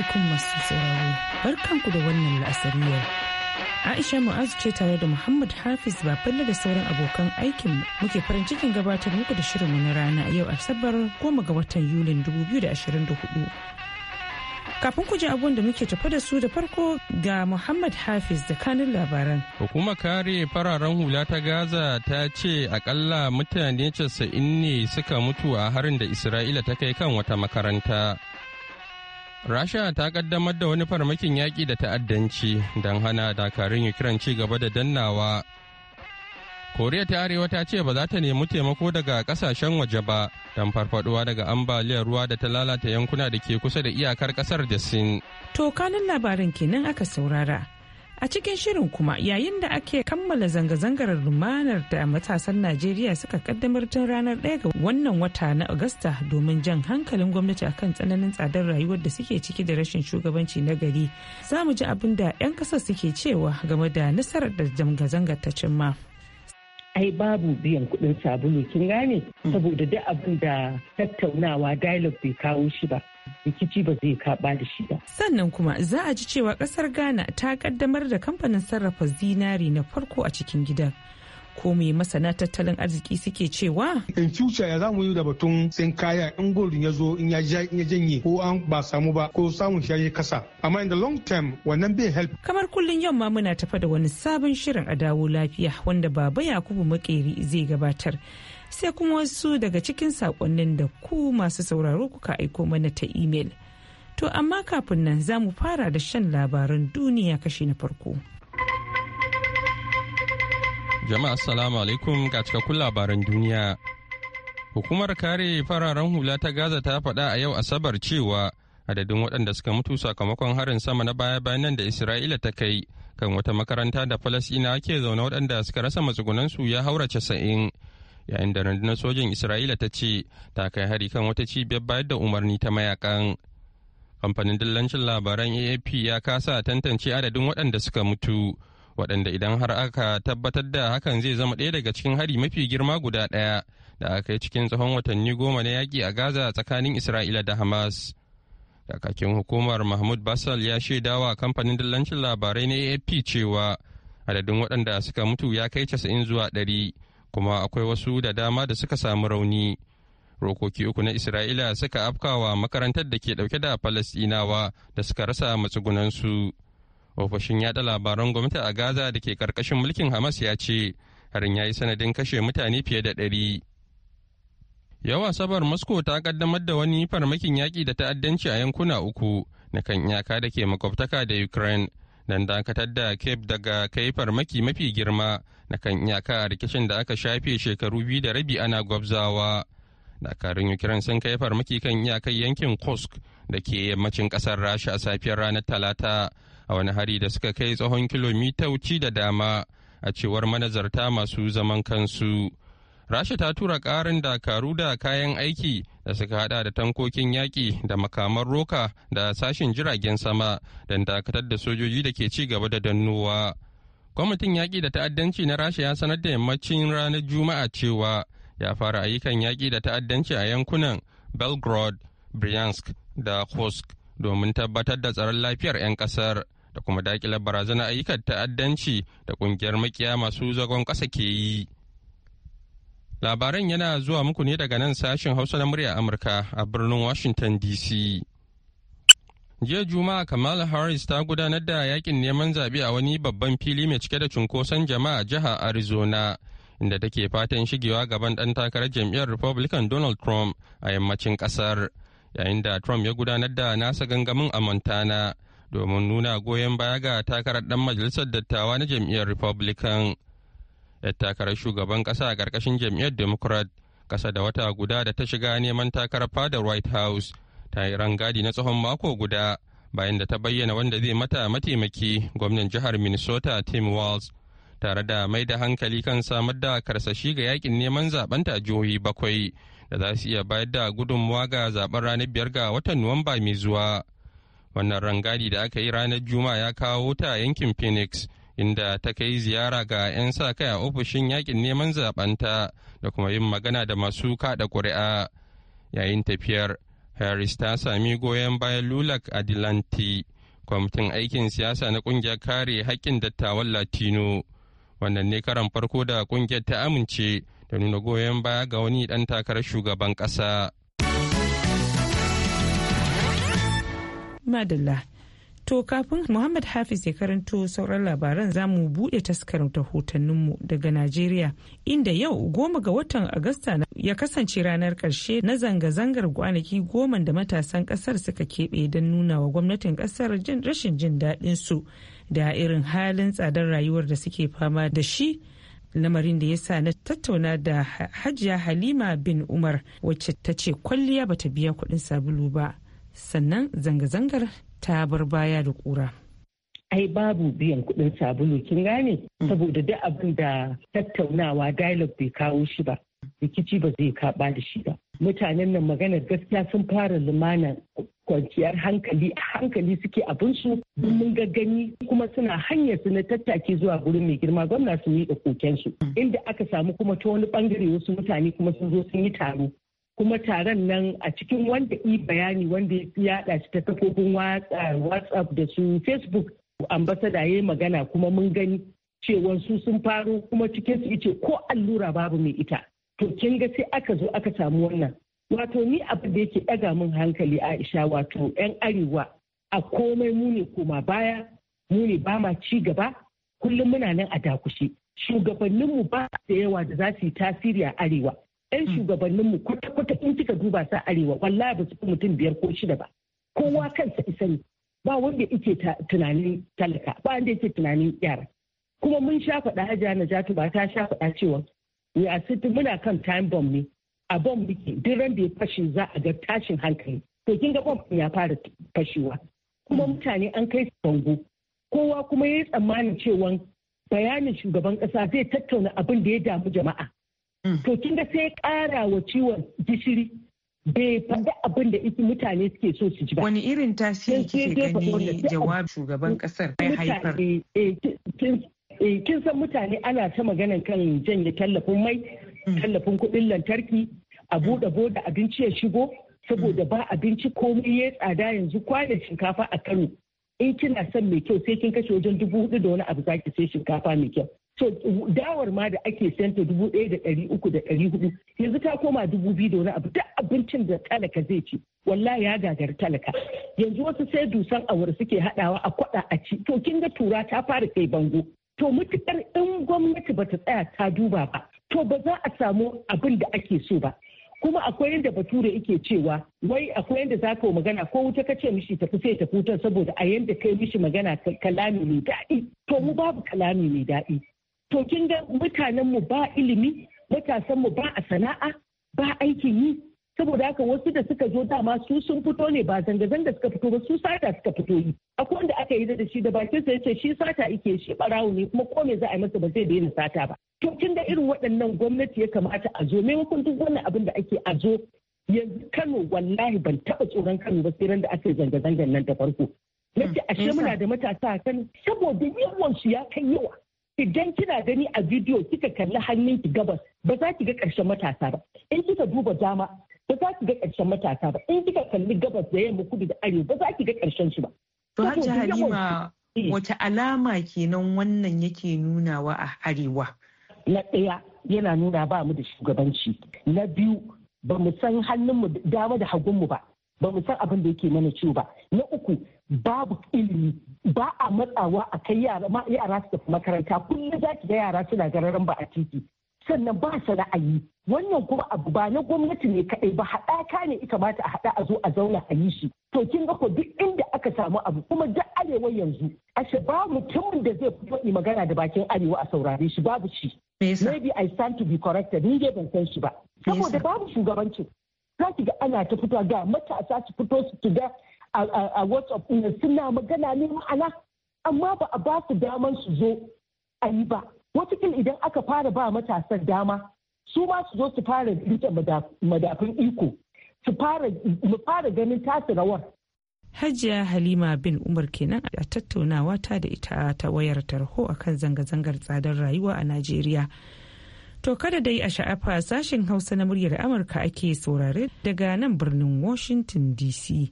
alaikum masu sauraro barkanku da wannan la'asariyar. Aisha Mu'azu ce tare da Muhammad Hafiz baban da sauran abokan aikin muke farin cikin gabatar muku da shirinmu na rana yau Asabar goma ga watan Yulin 2024. Kafin ku ji abun da muke tafi da su da farko ga Muhammad Hafiz da kanin labaran. Hukumar kare fararen hula ta Gaza ta ce akalla mutane casa'in ne suka mutu a harin da Isra'ila ta kai kan wata makaranta. Rasha ta kaddamar da wani farmakin yaƙi da ta'addanci don hana dakarun Ukraine ci gaba da dannawa. Koriya ta Arewa ta ce ba za ta nemi taimako daga kasashen waje ba don farfaduwa daga ambaliyar ruwa da ta lalata yankuna da ke kusa da iyakar kasar da Sin. To kanin labarin kenan aka saurara. A cikin shirin kuma yayin da ake kammala zanga-zangar rumanar da matasan Najeriya suka kaddamar tun ranar ɗaya ga wannan wata na Agusta domin jan hankalin gwamnati a kan tsananin tsadar rayuwar da suke ciki da rashin shugabanci na gari. Za mu ji abin da 'yan kasa suke cewa game da nasarar da zanga-zangar ta cimma. ai babu biyan kuɗin sabulu kin gane mm. saboda duk abin da tattaunawa dialogue bai kawo shi ba rikici ba zai kaba da shi ba. Sannan kuma za a ji cewa kasar Ghana ta kaddamar da kamfanin sarrafa zinari na farko a cikin gida. Ko me masana tattalin arziki suke cewa? In future ya zamu yi da batun sin kaya in gold ya zo in ya janye ko an ba samu ba ko samun shayi kasa. Amma in the long term wannan bai help. Kamar kullum yau ma muna tafa da wani sabon shirin a dawo lafiya wanda baba Yakubu Makeri zai gabatar. sai kuma wasu daga cikin saƙonnin da ku masu sauraro kuka aiko mana ta imel. To amma kafin nan za mu fara da shan labaran duniya kashi na farko. Jama'a Assalamu alaikum ga cikakkun labaran duniya. Hukumar kare fararen hula ta Gaza ta faɗa a yau Asabar cewa adadin waɗanda suka mutu sakamakon harin sama na baya-bayan nan da Isra'ila ta kai kan wata makaranta da Falasina ke zaune waɗanda suka rasa matsugunansu ya haura casa'in. yayin da rundunar sojin isra'ila ta ce ta kai hari kan wata cibiyar bayar da umarni ta mayakan kamfanin dillancin labaran aap ya kasa tantance adadin waɗanda suka mutu waɗanda idan har aka tabbatar da hakan zai zama ɗaya daga cikin hari mafi girma guda ɗaya da aka yi cikin tsawon watanni goma na yaƙi a gaza tsakanin isra'ila da hamas kakakin hukumar mahmud basal ya shaidawa kamfanin dillancin labarai na aap cewa adadin waɗanda suka mutu ya kai casa'in zuwa ɗari kuma akwai wasu da dama da suka samu rauni rokoki uku na isra'ila suka afkawa makarantar da ke ɗauke da falasɗinawa da suka rasa matsugunansu ofishin yada labaran gwamnati a gaza da ke karkashin mulkin hamas ya ce harin ya yi sanadin kashe mutane fiye da ɗari Yawa sabar moscow ta ƙaddamar da wani farmakin yaƙi da ta'addanci a yankuna uku na kan iyaka da ke makwabtaka da ukraine don dakatar da cape daga kai farmaki mafi girma na kan iyaka a rikicin da aka shafe shekaru biyu da rabi ana gwabzawa dakarun ukraine sun kai farmaki kan iyakar yankin kursk da ke yammacin kasar rasha a safiyar ranar talata a wani hari da suka kai tsohon kilomita da dama a cewar manazarta masu zaman kansu. rasha ta tura ƙarin dakaru da kayan aiki da suka hada da tankokin yaƙi da makaman roka da sashen jiragen sama don dakatar da sojoji da ke ci gaba da dannowa kwamitin yaƙi da ta'addanci na rasha ya sanar da yammacin ranar juma'a cewa ya fara ayyukan yaƙi da ta'addanci a yankunan belgrade bryansk da kursk domin tabbatar da tsaron lafiyar 'yan ƙasar da kuma daƙilar barazanar ayyukan ta'addanci da ƙungiyar makiya masu zagon ƙasa ke yi. Labaran yana zuwa muku ne daga nan sashen Hausa na murya Amurka a birnin Washington DC. Jiya Juma'a Kamala Harris ta gudanar da yakin neman zaɓe a wani babban fili mai cike da cunkoson jama'a jihar Arizona, inda take fatan shigewa gaban ɗan takarar jam'iyyar Republican Donald Trump a yammacin ƙasar, yayin da Trump ya gudanar da nasa gangamin a Montana domin nuna goyon baya ga takarar ɗan majalisar dattawa na jam'iyyar Republican. da takarar shugaban kasa a ƙarƙashin jam'iyyar democrat ƙasa da wata guda da ta shiga neman takarar fadar white house ta yi rangadi na tsawon mako guda bayan da ta bayyana wanda zai mata mataimaki gwamnan jihar minnesota tim walls tare da mai da hankali kan samar da karsashi ga yakin neman zaben ta jihohi bakwai da za su iya bayar da gudunmuwa ga zaben ranar biyar ga watan nuwamba mai zuwa wannan rangadi da aka yi ranar juma'a ya kawo ta yankin phoenix inda ta kai ziyara ga 'yan sa kai a ofishin yakin neman zabanta da kuma yin magana da masu kaɗa ƙuri'a yayin tafiyar harris ta sami goyon bayan lulak adilanti kwamitin aikin siyasa na ƙungiyar kare haƙƙin dattawan latino wannan ne karan farko da ƙungiyar ta amince da nuna goyon baya ga wani ɗan takarar shugaban ƙasa. Madalla To kafin Muhammad Hafiz ya karanto sauran labaran za mu buɗe taskar rahotanninmu daga Najeriya inda yau goma ga watan Agusta ya kasance ranar ƙarshe na zanga-zangar kwanaki goma da matasan ƙasar suka keɓe don nuna wa gwamnatin ƙasar rashin jin daɗin su da irin halin tsadar rayuwar da suke fama da shi lamarin da ya sa na tattauna da hajiya halima bin umar wacce ta ce kwalliya bata biya kuɗin sabulu ba sannan zanga-zangar ta bar baya da kura. ai babu biyan kudin sabulu kin gane mm. saboda duk abin da tattaunawa dialogue bai kawo shi ba rikici ba zai kaba da shi ba mutanen nan maganar gaskiya sun fara lumana kwanciyar hankali a hankali suke abin su mun ga gani kuma suna hanyar su na tattake zuwa gurin mai girma gwamna su yi koken su mm. inda aka samu kuma ta wani bangare wasu mutane kuma sun zo sun yi taro kuma taron nan a cikin wanda yi bayani wanda ya yada shi ta kafofin whatsapp da su facebook ambasada ya magana kuma mun gani cewa su sun faro kuma cikin su ice ko allura babu mai ita to kin ga sai aka zo aka samu wannan wato ni abu da yake ɗaga min hankali aisha wato yan arewa a komai mu ne koma baya mu ne ba ma ci gaba kullum muna nan a dakushe shugabanninmu ba da yawa da za su yi tasiri a arewa 'yan hmm. shugabanninmu kwata-kwata in kika duba sa arewa wallahi ba su fi mutum biyar ko shida ba kowa hmm. kansa isa ne ba wanda yake tunanin talaka ba wanda yake tunanin yara kuma mun sha faɗa hajiya na jatu ba ta sha faɗa cewa we are muna kan time bomb ne a bomb muke duk ran da ya fashe za a ga tashin hankali to kin ga bomb ya fara fashewa kuma hmm. mutane an kai su bango kowa kuma ya yi tsammanin cewa bayanin shugaban ƙasa zai tattauna abin da ya damu jama'a Mm. to kin ga sai ƙara wa ciwon gishiri bai faɗi abin da ita mutane suke so su ji ba. Wani irin tasiri kike gani jawab shugaban kasar bai haifar? Eh, eh, eh, kin san mutane ana ta magana kan janye tallafin mai, mm. tallafin kuɗin lantarki, a mm. buɗe buɗa abinci ya shigo, saboda ba abinci komai ya tsada yanzu kwanan shinkafa a Kano. In kina son mai kyau sai kin kashe wajen dubu hudu da wani abu zaki sai shinkafa mai kyau. so dawar ma da ake santa dubu ɗaya da ɗari uku da ɗari hudu yanzu ta koma dubu biyu da wani abu duk abincin da talaka zai ci wallahi ya gagari talaka yanzu wasu sai dusan awar suke haɗawa a kwaɗa a ci to kin ga tura ta fara kai bango to mutukar in gwamnati bata tsaya ta duba ba to ba za a samu abin da ake so ba kuma akwai yadda bature yake cewa wai akwai yadda za ka magana ko wuta ka ce mishi tafi sai ta wutar saboda a yadda kai mishi magana kalami mai daɗi to mu babu kalami mai daɗi to kin ga mutanen mu ba ilimi matasan mu ba a sana'a ba aikin yi saboda haka wasu da suka zo dama su sun fito ne ba zanga-zanga suka fito ba su sata suka fito yi akwai wanda aka yi da shi da bakin sa yace shi sata yake shi barawo ne kuma ko me za a yi masa ba zai daina sata ba to kin da irin waɗannan gwamnati ya kamata a zo maimakon duk wannan abin da ake a zo yanzu Kano wallahi ban taɓa tsoron Kano ba sai randa da aka zanga-zangan nan da farko nace mm, ashe muna da matasa a Kano saboda yawan su ya kai yawa idan kina gani a bidiyo kika kalli hannun ki gabas ba za ki ga ƙarshen matasa ba in kika duba dama ba za ki ga ƙarshen matasa ba in kika kalli gabas da yamma kudu da arewa ba za ki ga ƙarshen shi ba. to hajji halima eh. wata alama kenan wannan yake nunawa a arewa. na ɗaya yana nuna ba mu da shugabanci na biyu ba mu san hannunmu dama da hagunmu ba ba mu san abin da yake mana ciwo ba na uku babu ilimi ba a matsawa a kai yara su tafi makaranta kullum za ki ga yara suna gararan ba a titi sannan ba su ra'ayi wannan kuma abu ba na gwamnati ne kaɗai ba haɗaka ne ita mata a haɗa a zo a zauna a yi shi to kin ga ko duk inda aka samu abu kuma duk arewa yanzu ashe ba mutumin da zai fito magana da bakin arewa a saurare shi babu shi maybe i stand to be corrected ni dai ban san shi ba saboda babu shugabancin za ki ga ana ta fito ga matasa su fito su ga a whatsapp ɗin suna magana ne ma'ana amma ba a ba su daman su zo a yi ba watakila idan aka fara ba matasan dama su ma su zo su fara rike madafin iko su fara ganin tasi rawar Hajiya Halima bin Umar kenan a tattaunawa ta da ita ta wayar tarho akan zanga-zangar tsadar rayuwa a Najeriya. To kada dai a sha'afa sashen Hausa na muryar Amurka ake saurare daga nan birnin Washington DC.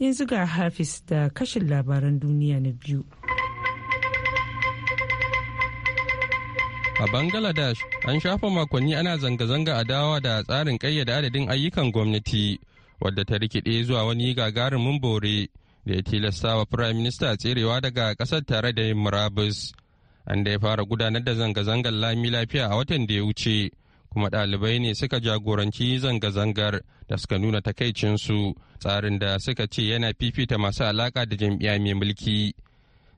yanzu ga hafiz da kashin labaran duniya na biyu a bangladesh an shafa makonni ana zanga-zanga a dawa da tsarin kayyada adadin ayyukan gwamnati wadda ta rikide zuwa wani gagarumin bore da ya tilasta wa prime minister tserewa daga kasar tare da yin murabus an da ya fara gudanar da zanga-zangar lami lafiya a watan da ya wuce kuma ɗalibai ne suka jagoranci zanga-zangar da suka nuna takaicinsu tsarin da suka ce yana fifita masu alaƙa da jam'iyya mai mulki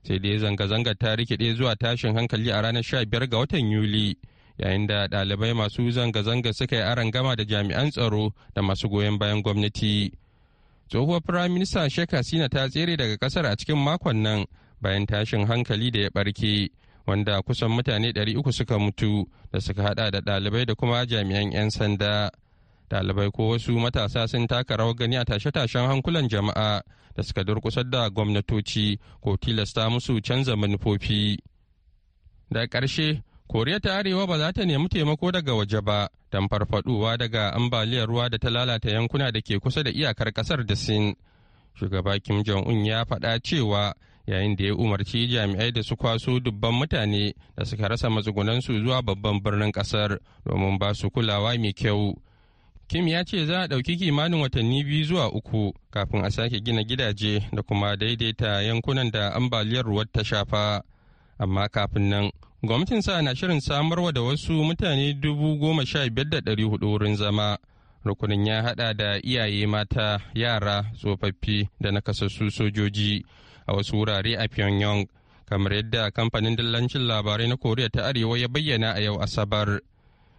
sai dai zanga-zangar ta rikide zuwa tashin hankali a ranar 15 ga watan yuli yayin da ɗalibai masu zanga-zanga suka yi gama da jami'an tsaro da masu goyon bayan gwamnati tsohuwar firaminista shek hasina ta tsere daga kasar a cikin makon nan bayan tashin hankali da ya barke wanda kusan mutane 300 suka mutu da suka hada da ɗalibai da kuma jami'an 'yan sanda ɗalibai ko wasu matasa sun taka rawar gani a tashe-tashen hankulan jama'a da suka durkusa da gwamnatoci ko tilasta musu canza manufofi da ƙarshe koriya ta arewa ba za ta nemi taimako daga waje ba don farfaduwa daga ambaliyar ruwa da ta lalata yankuna da ke kusa da iyakar kasar da sin shugaba kim jong un ya faɗa cewa yayin da ya umarci jami'ai da su kwaso dubban mutane da suka rasa matsugunansu zuwa babban birnin kasar domin ba su kulawa mai kyau kim ya ce za a ɗauki kimanin watanni biyu zuwa uku kafin a sake gina gidaje da kuma daidaita yankunan da ambaliyar ruwa ta shafa amma kafin nan gwamnatin sa na shirin samarwa da wasu mutane dubu goma sha biyar da ɗari hudu wurin zama rukunin ya haɗa da iyaye mata yara tsofaffi da nakasassu sojoji a wasu wurare a pyongyang kamar yadda kamfanin dillancin labarai na koriya ta arewa ya bayyana a yau asabar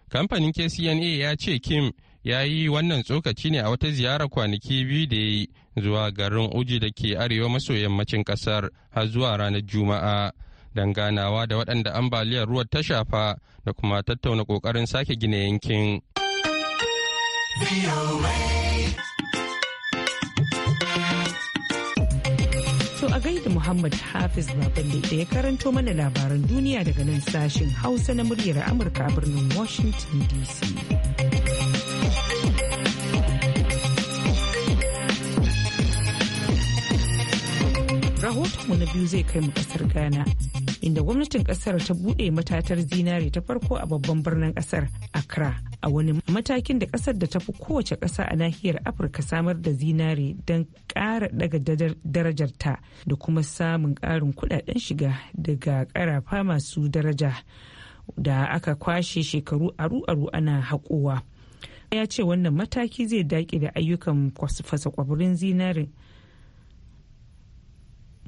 kamfanin kcna ya ce kim ya yi wannan tsokaci ne a wata ziyara kwanaki biyu da ya yi zuwa garin uji da ke arewa maso yammacin kasar har zuwa ranar juma'a don ganawa da waɗanda ambaliyar ruwa ta shafa da kuma tattauna ƙoƙarin sake gina yankin. da Muhammad Hafiz Baballe da ya karanto mana labaran duniya daga nan sashen Hausa na muryar Amurka a birnin Washington DC. Rahotonmu na biyu zai kai mu kasar Ghana. inda gwamnatin kasar ta buɗe matatar zinare ta farko a babban birnin kasar accra a wani matakin da kasar da ta fi kowace ƙasa a nahiyar afirka samar da zinare don ƙara daga ta da kuma samun ƙarin kudaden shiga daga ƙarafa masu daraja da aka kwashe shekaru aru-aru ana haƙowa ya ce wannan mataki zai daƙi da ayyukan fasa kwabirin zinarin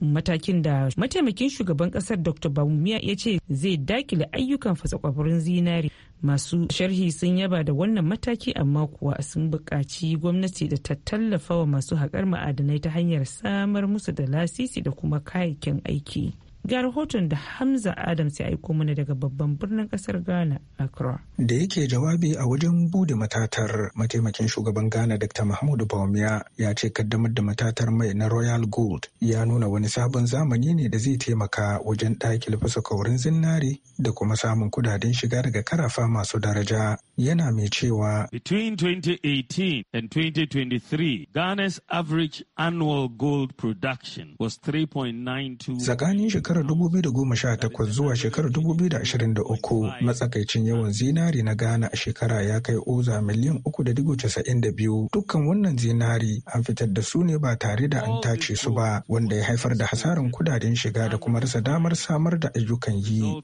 matakin da mataimakin shugaban kasar dr bawumia ya ce zai dakile ayyukan fasakwabarin zinari masu sharhi sun yaba da wannan mataki amma kuwa sun buƙaci gwamnati da ta tallafa wa masu haƙar ma'adanai ta hanyar samar musu da lasisi da kuma kayayyakin aiki ga rahoton da Hamza Adams ya aiko mana daga babban birnin kasar Ghana, Accra. Da yake jawabi a wajen bude matatar mataimakin shugaban Ghana Dr. Mahmudu baumia ya ce kaddamar da matatar mai na Royal Gold ya nuna wani sabon zamani ne da zai taimaka wajen ɗakil fasa kaurin zinari da kuma samun kudaden shiga daga karafa masu daraja. yana mai cewa Between 2018 and 2023, Ghana's average annual gold production was 3.92 Tsakanin shekarar 2018 zuwa shekarar 2023 matsakaicin yawan zinari na Ghana a shekara ya kai oza miliyan 3.92 dukkan wannan zinari an fitar da su ne ba tare da an tace su ba wanda ya haifar da hasarin kudaden shiga da kuma rasa damar samar da ayyukan yi.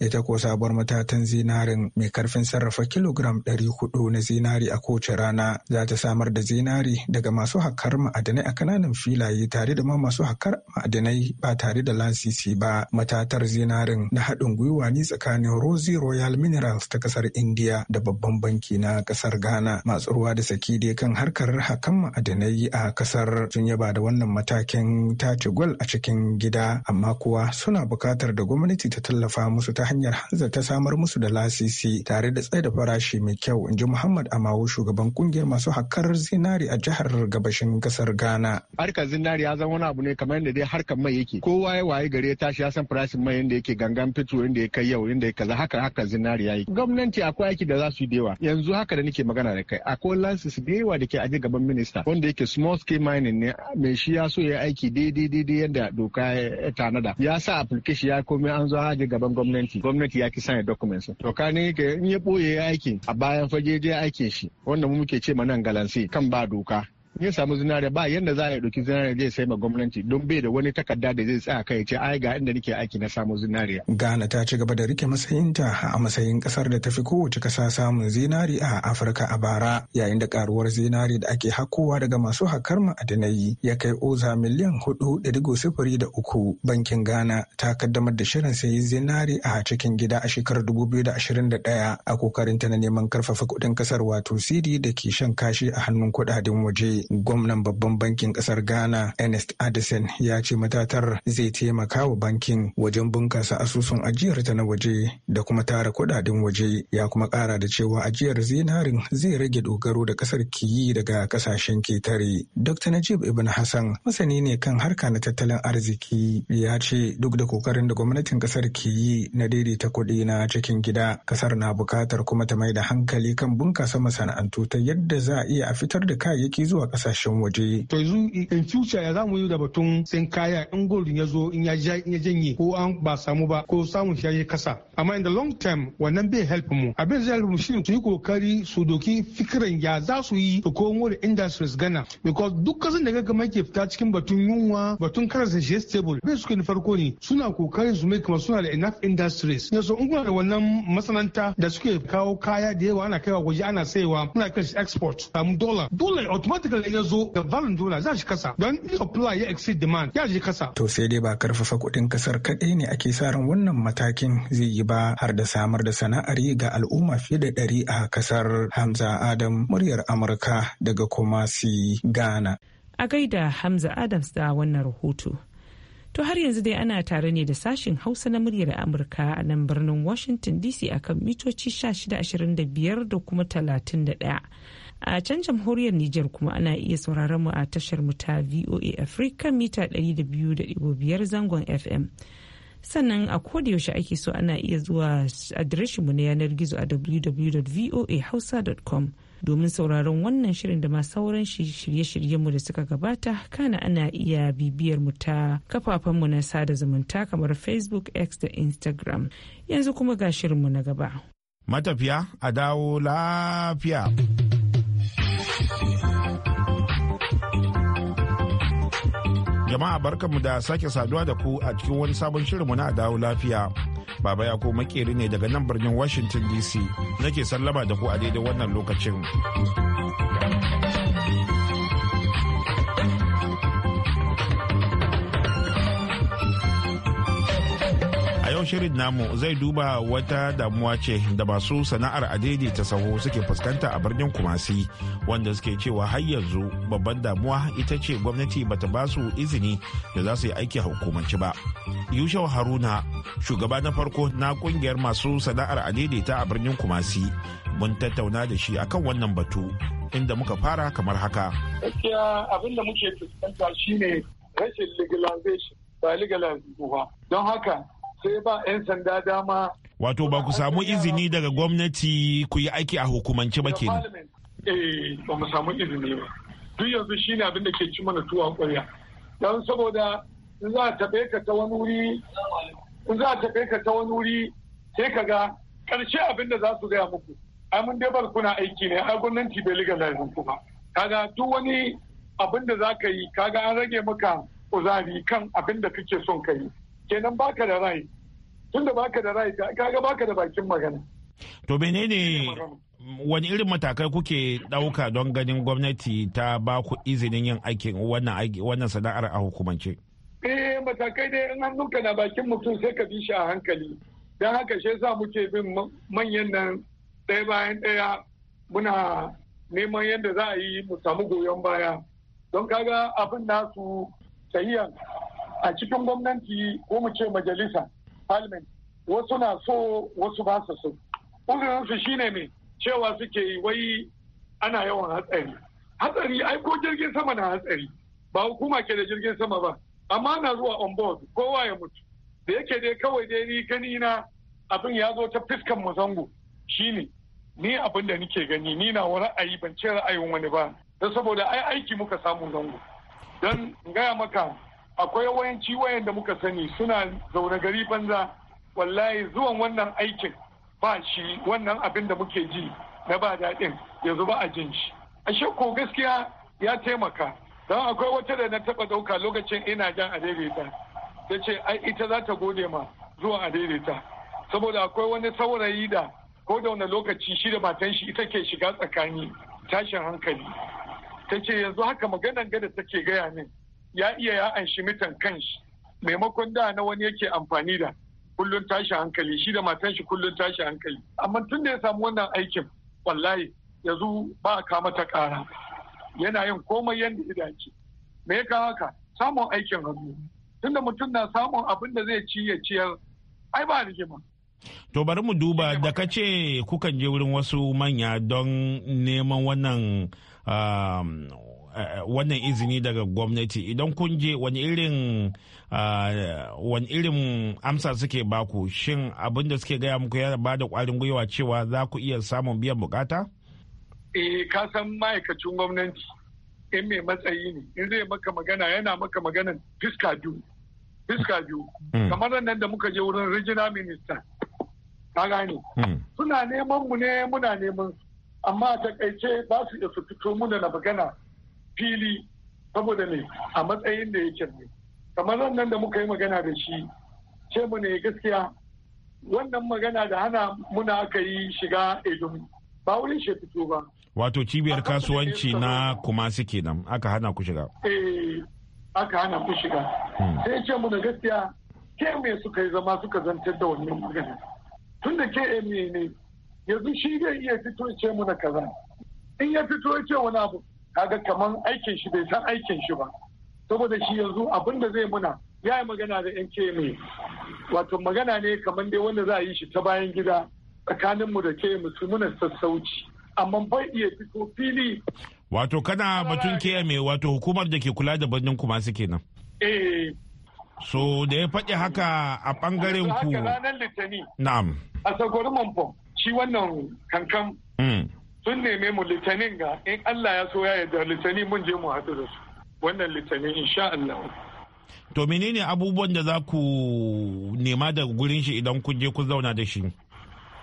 Ita ko sabuwar matatan zinarin mai karfin tallafin sarrafa kilogram 400 na zinari a kowace rana za ta samar da zinari daga masu hakar ma'adanai a kananan filaye tare da ma masu hakar ma'adanai ba tare da lansisi ba matatar zinarin na haɗin gwiwa ne tsakanin rosy Royal Minerals ta kasar India da babban banki na kasar Ghana masu ruwa da saki da kan harkar hakan ma'adanai a kasar sun yaba da wannan matakin tace gwal a cikin gida amma kuwa suna buƙatar da gwamnati ta tallafa musu ta hanyar hanzar ta samar musu da lasisi tare tare da tsaye da farashi mai kyau in ji muhammad amawu shugaban kungiyar masu hakar zinari a jihar gabashin kasar ghana harkar zinari ya zama wani abu ne kamar yadda dai harkar mai yake kowa ya waye gari ya tashi ya san farashin mai yadda yake gangan fito yadda ya kai yau yadda ya kaza haka haka zinari ya yi gwamnati akwai aiki da za su yi da yawa yanzu haka da nake magana da kai akwai lansis da yawa da ke aje gaban minista wanda yake small scale mining ne mai shi ya so ya aiki daidai daidai yadda doka ya tanada ya sa application ya komai an zo aje gaban gwamnati gwamnati ya ki sanya documents to ka ne in ya ya ɓoye aikin a bayan fage dai aikin shi wanda mu muke ce ma nan galansi kan ba doka ya samu zinariya ba yadda za a ɗauki zinariya zai sai ma gwamnati don bai da wani takarda da zai tsaya kai ce ai ga inda nake aiki na samu zinariya. Ghana ta ci gaba da rike matsayinta a matsayin kasar da ta fi kowace kasa samun zinari a Afirka a bara yayin da karuwar zinare da ake hakowa daga masu hakar ma'adanai ya kai oza miliyan hudu da digo sifiri da uku bankin Ghana ta kaddamar da shirin sayi zinare a cikin gida a shekarar dubu biyu da ashirin da ɗaya a kokarinta na neman karfafa kuɗin kasar wato CD da ke shan kashi a hannun kuɗaɗen waje. gwamnan babban bankin kasar ghana ernest addison ya ce matatar zai taimaka wa bankin wajen bunkasa asusun ajiyar ta na waje da kuma tara kudaden waje ya kuma kara da cewa ajiyar zinarin zai rage dogaro da kasar kiyi daga kasashen ketare dr najib ibn hassan masani ne kan harka na tattalin arziki ya ce duk da kokarin da gwamnatin kasar ke yi na daidaita kuɗi na cikin gida kasar na bukatar kuma ta mai da hankali kan bunkasa masana'antu ta yadda za a iya a fitar da kayayyaki zuwa kasashen waje. To yanzu in future ya zamu yi da batun sayan kaya in gold ya zo in ya janye ko an ba samu ba ko samu shi ya kasa. Amma in the long term wannan bai help mu. Abin zai help mu shi su yi kokari su doki fikirin ya za su yi su komo da industries gana. Because duk kasan da gagama ke fita cikin batun yunwa batun karasa shi stable. Bai suke na farko ne suna kokarin su mai kamar suna da enough industries. Yanzu in kuna da wannan masananta da suke kawo kaya da yawa ana kaiwa waje ana saiwa ana kai export. Samu um, dollar. Dollar automatically Dole ya zo da valin dola za shi kasa don supply ya exceed demand ya shi kasa. To sai dai ba karfafa kudin kasar kaɗai ne ake sa ran wannan matakin zai yi ba har da samar da sana'ar ga al'umma fiye da ɗari a kasar Hamza Adam muryar Amurka daga Kumasi Ghana. A gaida Hamza Adams da wannan rahoto. To har yanzu dai ana tare ne da sashin Hausa na muryar Amurka a nan birnin Washington DC akan mitoci 1625 da kuma 31. a can jamhuriyar Nijar kuma ana iya sauraron mu a tashar mu ta VOA Africa mita 200.5 zangon FM. Sannan a yaushe ake so ana iya zuwa adireshin mu na yanar gizo a www.voahausa.com domin sauraron wannan shirin da ma sauran shirye-shiryenmu da suka gabata kana ana iya bibiyar mu ta kafafen mu na sada zumunta kamar Facebook, X da Instagram. Yanzu kuma ga shirinmu na gaba. Matafiya a dawo lafiya. Jama'a barkanmu da sake saduwa da ku a cikin wani sabon shirin shirinmu na dawo lafiya. Baba ya ko makeri ne daga nan birnin Washington DC. Nake sallama da ku a daidai wannan lokacin. yau shirin namu zai duba wata damuwa ce da masu sana'ar adedi ta saho suke fuskanta a birnin kumasi wanda suke cewa har yanzu babban damuwa ita ce gwamnati bata ba su izini da za su yi aiki a hukumanci ba yushau haruna shugaba na farko na kungiyar masu sana'ar adedi ta a birnin kumasi mun tattauna da shi akan wannan batu inda muka fara kamar haka abin muke fuskanta shine rashin legalization ba legalization ba don haka sai ba 'yan sanda dama wato ba ku samu izini daga gwamnati ku yi aiki a hukumance ba kenan eh ba mu samu izini ba duk yanzu shine abin da ke ci mana tuwa ƙwarya don saboda za a taɓe ka ta wani wuri za a ka ta wani wuri sai ka ga ƙarshe abin da za su gaya muku ai mun dai kuna aiki ne ai gwamnati bai liga lalin kuma kaga duk wani abin da za ka yi kaga an rage maka kuzari kan abin da kake son ka yi kenan baka da rai tunda baka da rai kaga baka da bakin magana to menene wani irin matakai kuke ɗauka don ganin gwamnati ta ba ku izinin yin aikin wannan sana'ar a hukumance? Eh matakai dai in hannunka na bakin mutum sai ka bi shi a hankali. dan haka shi yasa muke bin manyan nan ɗaya bayan ɗaya muna neman yadda za a yi mu samu goyon baya. Don kaga abin nasu sahiyan a cikin gwamnati ko mu ce majalisa parliament wasu na so wasu ba su so su shine ne cewa suke yi wai ana yawan hatsari hatsari ai ko jirgin sama na hatsari ba hukuma ke da jirgin sama ba amma na zuwa on board kowa ya mutu da yake dai kawai dai ni gani na abin ya zo ta fiskan mazango shine ni abin da nike gani ni na ra'ayi ban ce ra'ayin wani ba Da saboda ai aiki muka samu zango don gaya maka akwai yawanci da muka sani suna zaune gari banza wallahi zuwan wannan aikin ba shi wannan abin da muke ji na ba daɗin yanzu ba a jin shi ashe ko gaskiya ya taimaka don akwai wata da na taɓa ɗauka lokacin ina jan a daidaita ta ce ai ita za ta gode ma zuwa a daidaita saboda akwai wani saurayi da ko da wani lokaci shi da matan shi ita ke shiga tsakani tashin hankali ta ce yanzu haka maganan gada take gaya min ya iya ya anshi mitan kanshi maimakon da na wani yake amfani da kullun tashi hankali shi da matan shi kullun tashi hankali amma tun da ya samu wannan aikin wallahi yanzu ba a kama ta kara yana yin komai yadda ya dace me ya kawo haka samun aikin hannu tun da mutum na samun abin da zai ci ya ciyar ai ba rigima To bari mu duba da ka ce kukan je wurin wasu manya don neman wannan um, Eh, wannan izini daga gwamnati idan kun je wani irin eh, wani irin amsa suke baku shin abin da suke gaya muku ya ba da kwarin gwiwa cewa za ku iya samun biyan bukata? eh ka san ma'aikacin gwamnati in mai matsayi ne in zai maka magana yana maka maganan fiska biyu fiska biyu hmm. kamar nan da muka je wurin regional minister ka gane hmm. suna neman mu ne muna neman amma a takaice ba su da su fito muna na magana fili saboda ne a matsayin da yake ne kamar nan da muka yi magana da shi ce mu ne gaskiya wannan magana da hana muna aka yi shiga edun ba wurin shi fito ba wato cibiyar kasuwanci na kuma suke nan aka hana ku shiga eh aka hana ku shiga hmm. sai ce mu gaskiya ke me suka yi zama suka zantar da wannan magana tun da ke ne yanzu shi zai iya fito ce mu na kaza in ya fito ce wani abu kaga kaman aikin shi bai san aikin shi ba saboda shi yanzu abin da zai muna ya yi magana da yan mai wato magana ne kaman dai wanda za a yi shi ta bayan gida tsakanin mu da ke mutu muna sassauci amma bai iya fito fili wato kana batun mai wato hukumar da ke kula da birnin kuma su kenan eh so da ya faɗi haka a bangaren ku na'am a sakwarin manfom shi wannan kankan mm. sun neme mu litinin ga in Allah ya so ya yarda litinin mun je mu haɗu da su wannan litinin insha Allah. To menene abubuwan da za ku nema da gurin shi idan kun je kun zauna da shi?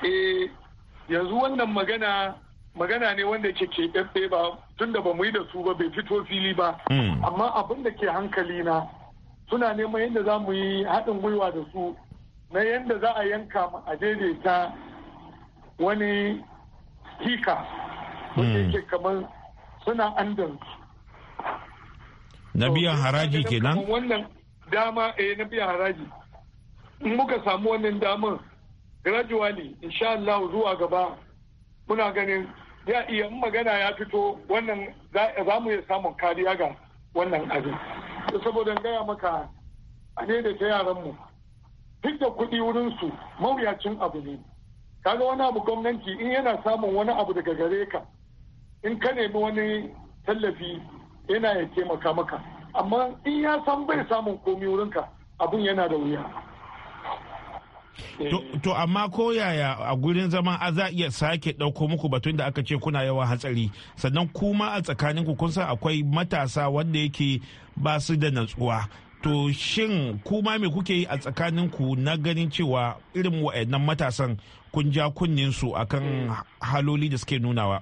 Eh yanzu wannan magana magana ne wanda ke keɓe ba tun da ba mu yi da su ba bai fito fili ba. Hmm. Amma abin da ke hankali na suna neman yadda za mu yi haɗin gwiwa da su na yadda za a yanka mu a daidaita wani hika wanda yake hmm. kamar suna andan na biyan haraji kenan wannan dama eh na biyan haraji in muka samu wannan damar gradually insha Allah zuwa gaba muna ganin ya iya magana ya fito wannan za mu iya samun kariya ga wannan abin saboda gaya maka a ne da ta yaran mu duk da kuɗi wurinsu mawuyacin abu ne kaga wani abu gwamnati in yana samun wani abu daga gare ka in ka nemi wani tallafi yana ya taimaka maka amma in ya san bai samun komi wurinka abun yana da wuya eh. To amma ko yaya a gurin zama a za iya sake ɗauko muku batun da aka ce kuna yawan hatsari sannan kuma a tsakaninku kun san akwai matasa wanda yake ba su da natsuwa to shin kuma me kuke yi a tsakaninku na ganin cewa irin wa'annan matasan kun ja kunnen su akan mm. haloli da suke nunawa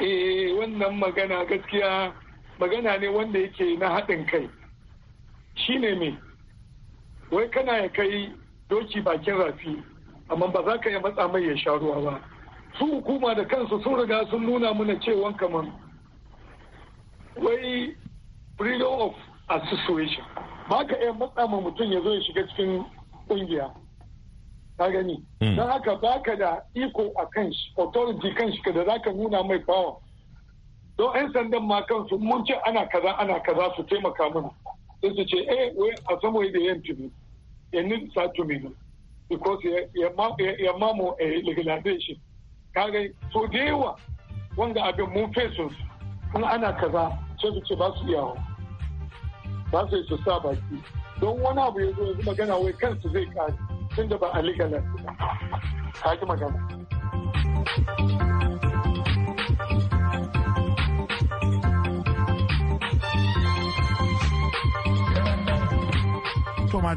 eh wannan magana gaskiya magana ne wanda yake na haɗin kai shine me wai kana ya kai doki bakin rafi amma ba za ka yi matsa mai ya sha ruwa ba su hukuma da kansu sun riga sun nuna mana cewa kamar wai freedom of association ba ka iya matsa ma mutum ya zo ya shiga cikin ƙungiya. ka gani hmm. don haka ba ka da iko a kan shi authority kan shi da ka nuna mai power don 'yan sandan ma kansu mun ce ana kaza ana kaza su taimaka mana sai su ce eh we a samu da yan tumi ya ni sa tumi ne because ya mamu a eh, legalization ka kaga so da yawa wanda abin mun fesus kuma ana kaza sai su ce ba su iyawa ba su yi su sa baki don wani abu ya zo yanzu magana wai kansu zai kare tunda ba a legal ka ji magana To a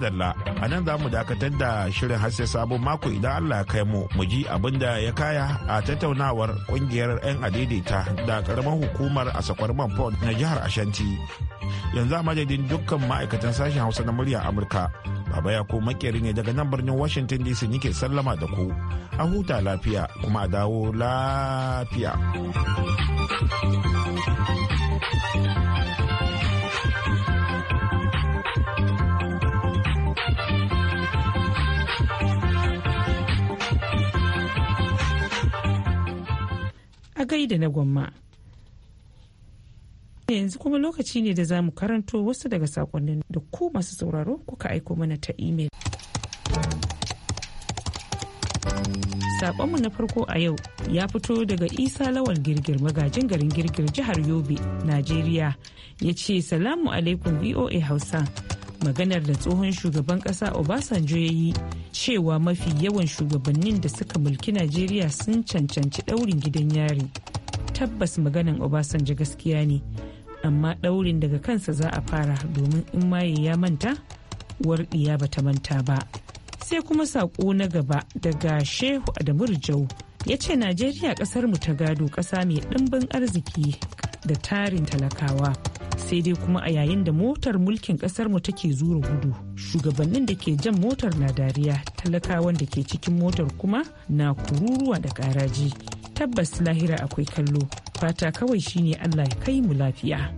nan za mu dakatar da shirin hasse sabon mako idan Allah ya kai mu mu ji abin da ya kaya a tattaunawar ƙungiyar 'yan adaidaita da karamar hukumar asakwar manford na jihar Ashanti. Yanzu a madadin dukkan ma'aikatan sashen Hausa na murya Amurka Baba ya ko makeri ne daga nan birnin Washington DC nike sallama da ku. A huta lafiya kuma a dawo lafiya. A gaida na gwamma. Yanzu kuma lokaci ne da za mu karanto wasu daga sakonnin da ku masu sauraro kuka aiko mana ta imel. Sakonmu na farko a yau ya fito daga Isa Lawal Girgir magajin garin Girgir jihar Yobe, Najeriya. Ya ce, Salamu alaikum VOA Hausa. maganar da tsohon shugaban kasa obasanjo ya yi cewa mafi yawan shugabannin da suka mulki najeriya sun cancanci daurin gidan yari tabbas maganan obasanjo gaskiya ne amma ɗaurin daga kansa za a fara domin in maye ya manta uwar ɗiya ba ta manta ba sai kuma saƙo na gaba daga shehu adamu rijau ya ce najeriya ƙasar mu ta gado ƙasa mai ɗimbin arziki da tarin talakawa sai dai kuma a yayin da motar mulkin ƙasar mu take zura gudu shugabannin da ke jan motar na dariya talakawan da ke cikin motar kuma na kururuwa da ƙaraji tabbas lahira akwai kallo fata kawai shine Allah ya kai mu lafiya.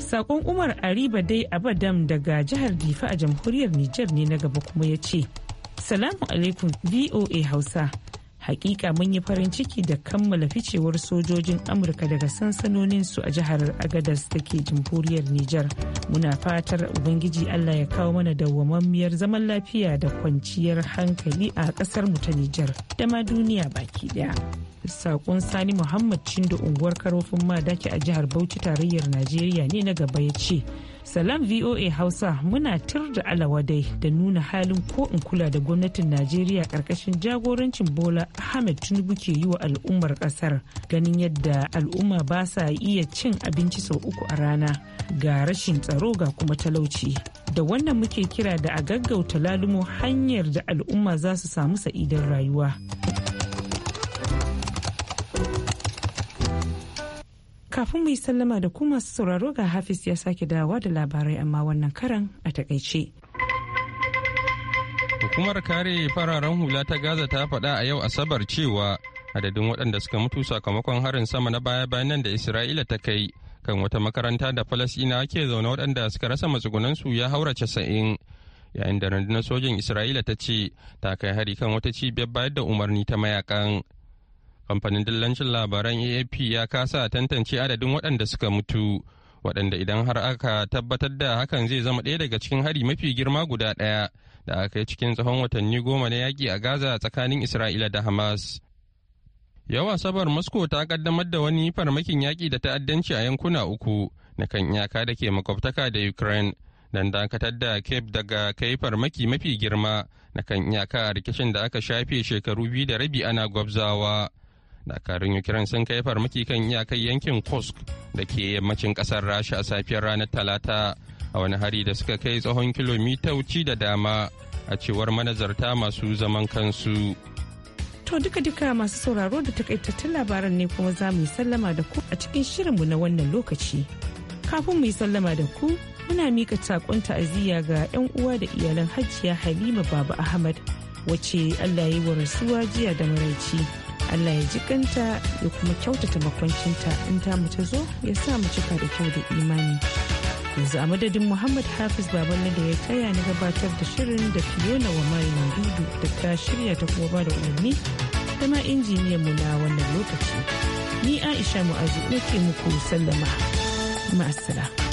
Sakon Umar Ariba dai Abadam daga jihar Difa a jamhuriyar Nijar ne na gaba kuma ya ce, Salamu alaikum VOA Hausa. hakika mun yi farin ciki da kammala ficewar sojojin amurka daga sansanonin su a jihar agadas da ke jamhuriyar nijar muna fatar ubangiji allah ya kawo mana dawwamammiyar zaman lafiya da kwanciyar hankali a kasar mu ta nijar da ma duniya baki daya sakon sani muhammad cindo unguwar karofin madaki a jihar bauchi tarayyar najeriya ne na gaba ya ce Salam VOA Hausa muna tur da alawadai da nuna halin ko in kula da gwamnatin Najeriya karkashin jagorancin Bola Ahmed Tinubu ke yi wa al'ummar kasar ganin yadda al'umma ba sa iya cin abinci sau uku a rana ga rashin tsaro ga kuma talauci. Da wannan muke kira da a gaggauta lalumo hanyar da al'umma za su samu sa'idar rayuwa. Kafin mu yi sallama da kuma sauraro ga Hafiz ya sake dawa da labarai amma wannan karan a takaice. Hukumar kare fararen hula ta Gaza ta faɗa a yau Asabar cewa adadin waɗanda suka mutu sakamakon harin sama na baya-bayan nan da Isra'ila ta kai kan wata makaranta da falasina ke zaune waɗanda suka rasa su ya haura casa'in. Yayin da rundunar sojin Isra'ila ta ce ta kai hari kan wata cibiyar bayar da umarni ta mayakan. Kamfanin dillancin labaran AFP ya kasa tantance adadin waɗanda suka mutu, waɗanda idan har aka tabbatar da hakan zai zama ɗaya daga cikin hari mafi girma guda ɗaya da aka yi cikin tsawon watanni goma na yaƙi a Gaza tsakanin Isra'ila da Hamas. yawa sabar Moscow ta kaddamar da wani farmakin yaƙi da ta'addanci a yankuna uku na kan iyaka da ke makwabtaka da Ukraine don dakatar da Cape daga kai farmaki mafi girma na kan iyaka a rikicin da aka shafe shekaru biyu da rabi ana gwabzawa. dakarun ukraine sun kai farmaki kan iyakar yankin kursk da ke yammacin kasar rasha a safiyar ranar talata a wani hari da suka kai tsohon kilomitoci da dama a cewar manazarta masu zaman kansu to duka-duka masu sauraro da takaitattun labaran ne kuma za mu yi sallama da ku a cikin shirin mu na wannan lokaci kafin mu yi sallama da ku muna mika takon ta'aziyya ga 'yan uwa da iyalan hajjiya halima baba ahmad wacce allah ya yi wa rasuwa jiya da maraici Allah ya jikanta ya kuma kyautata makwancinta in ta mu ta zo ya sa mu cika da kyau da imani. Yanzu a madadin Muhammad Hafiz Babanna da ya taya na gabatar da shirin da Fiona wa Mariyan Dudu da ta shirya ta kuma ba da umarni ta ma injiniyan mu na wannan lokaci. Ni Aisha Mu'azu nake muku sallama. Ma'asala.